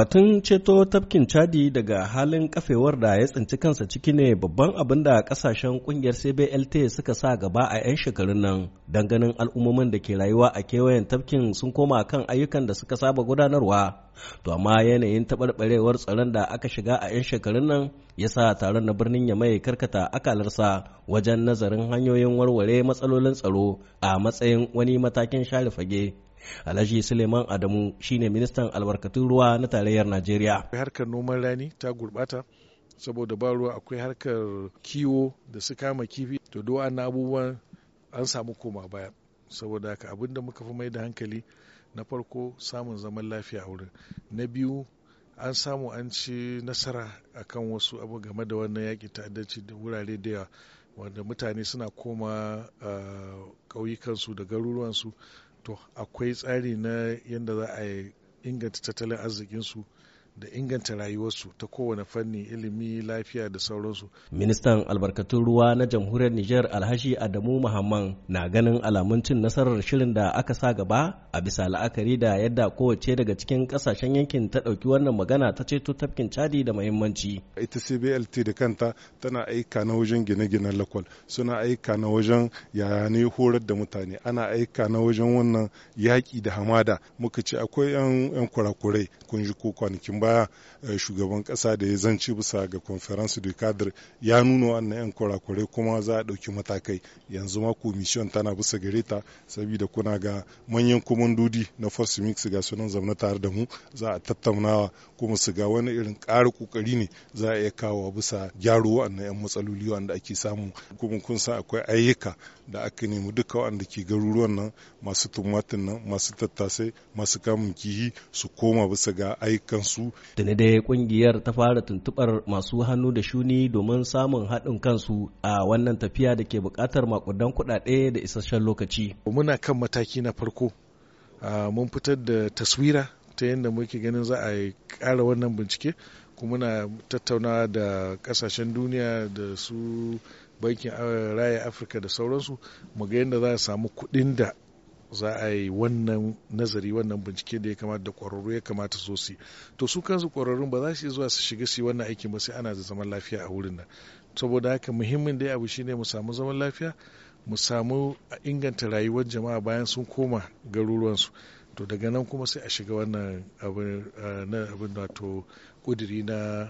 Batun ceto tafkin Chadi daga halin kafewar da ya tsinci kansa ciki ne babban abin da kasashen kungiyar CBLT suka sa gaba a 'yan shekarun nan don ganin al'ummomin da ke rayuwa a kewayen tafkin sun koma kan ayyukan da suka saba gudanarwa. To amma yanayin taɓarɓarewar tsaron da aka shiga a 'yan shekarun nan ya sa taron na birnin ya mai karkata akalarsa wajen nazarin hanyoyin warware matsalolin tsaro a matsayin wani matakin share fage. Alhaji Suleiman Adamu shine ministan albarkatun ruwa na tarayyar Najeriya. Harkar noman rani ta gurbata saboda ba ruwa akwai harkar kiwo da su kama kifi to do an abubuwan an samu koma baya saboda haka abin da muka fi mai da hankali na farko samun zaman lafiya a wurin na biyu an samu an ci nasara akan wasu abu game da wannan yaƙi ta'addanci da wurare da yawa wanda mutane suna koma ah, ƙauyukansu da garuruwansu to akwai tsari na yadda za a inganta tattalin arzikinsu da inganta rayuwarsu ta kowane fanni ilimi lafiya da sauransu. Ministan albarkatun ruwa na jamhuriyar Nijar Alhashi Adamu Muhammad na ganin alamun cin nasarar shirin da aka sa gaba a bisa la'akari da yadda kowace daga cikin kasashen yankin ta ɗauki wannan magana ta ceto tafkin Chadi da muhimmanci. Ita CBLT da kanta tana aika na wajen gine-ginen lakwal suna aika na wajen ne horar da mutane ana aika na wajen wannan yaƙi da hamada muka ce akwai 'yan kurakurai kun ji ko kwanakin ba baya eh, shugaban kasa da ya zance bisa ga conference de cadre ya nuna wannan yan kurakurai kuma za a ɗauki matakai yanzu ma commission tana bisa gare ta saboda kuna ga manyan komandodi na first mix ga sunan zamna tare da mu za a tattaunawa kuma su ga wani irin ƙara kokari ne za a iya kawo bisa gyaro wannan yan matsaloli wanda ake samu kuma kun san akwai ayyuka da aka nemi duka wanda ke garuruwan nan masu tumatin nan masu tattasai masu kamun kihi su koma bisa ga ayyukansu tuni dai kungiyar ta fara tuntubar masu hannu da shuni domin samun haɗin kansu a wannan tafiya da ke buƙatar makudan kuɗaɗe da isasshen lokaci muna kan mataki na farko mun fitar da taswira ta yadda muke ganin za a ƙara wannan bincike kuma muna tattaunawa da ƙasashen duniya da su bankin raya afirka da sauransu mu ga yadda za a samu kuɗin da za a yi wannan nazari wannan bincike da ya kamata da kwararru ya kamata so su to su kansu kwararrun ba za su zuwa su shiga su wannan aikin ba sai ana da zaman lafiya a wurin nan saboda haka muhimmin dai abu shine mu samu zaman lafiya mu samu inganta rayuwar jama'a bayan sun koma garuruwansu to daga nan kuma sai a shiga wannan abin eh, wato kuduri na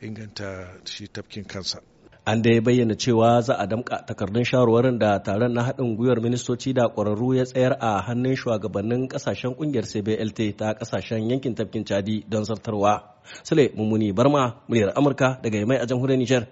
inganta shi tafkin kansa an ya bayyana cewa za a damƙa takardun shawarwarin da taron na haɗin gwiwar ministoci da ƙwararru ya tsayar a hannun shugabannin ƙasashen ƙungiyar cblt ta ƙasashen yankin tafkin chadi don zartarwa sule mummuni barma muryar amurka daga yamai a jamhuriyar nijar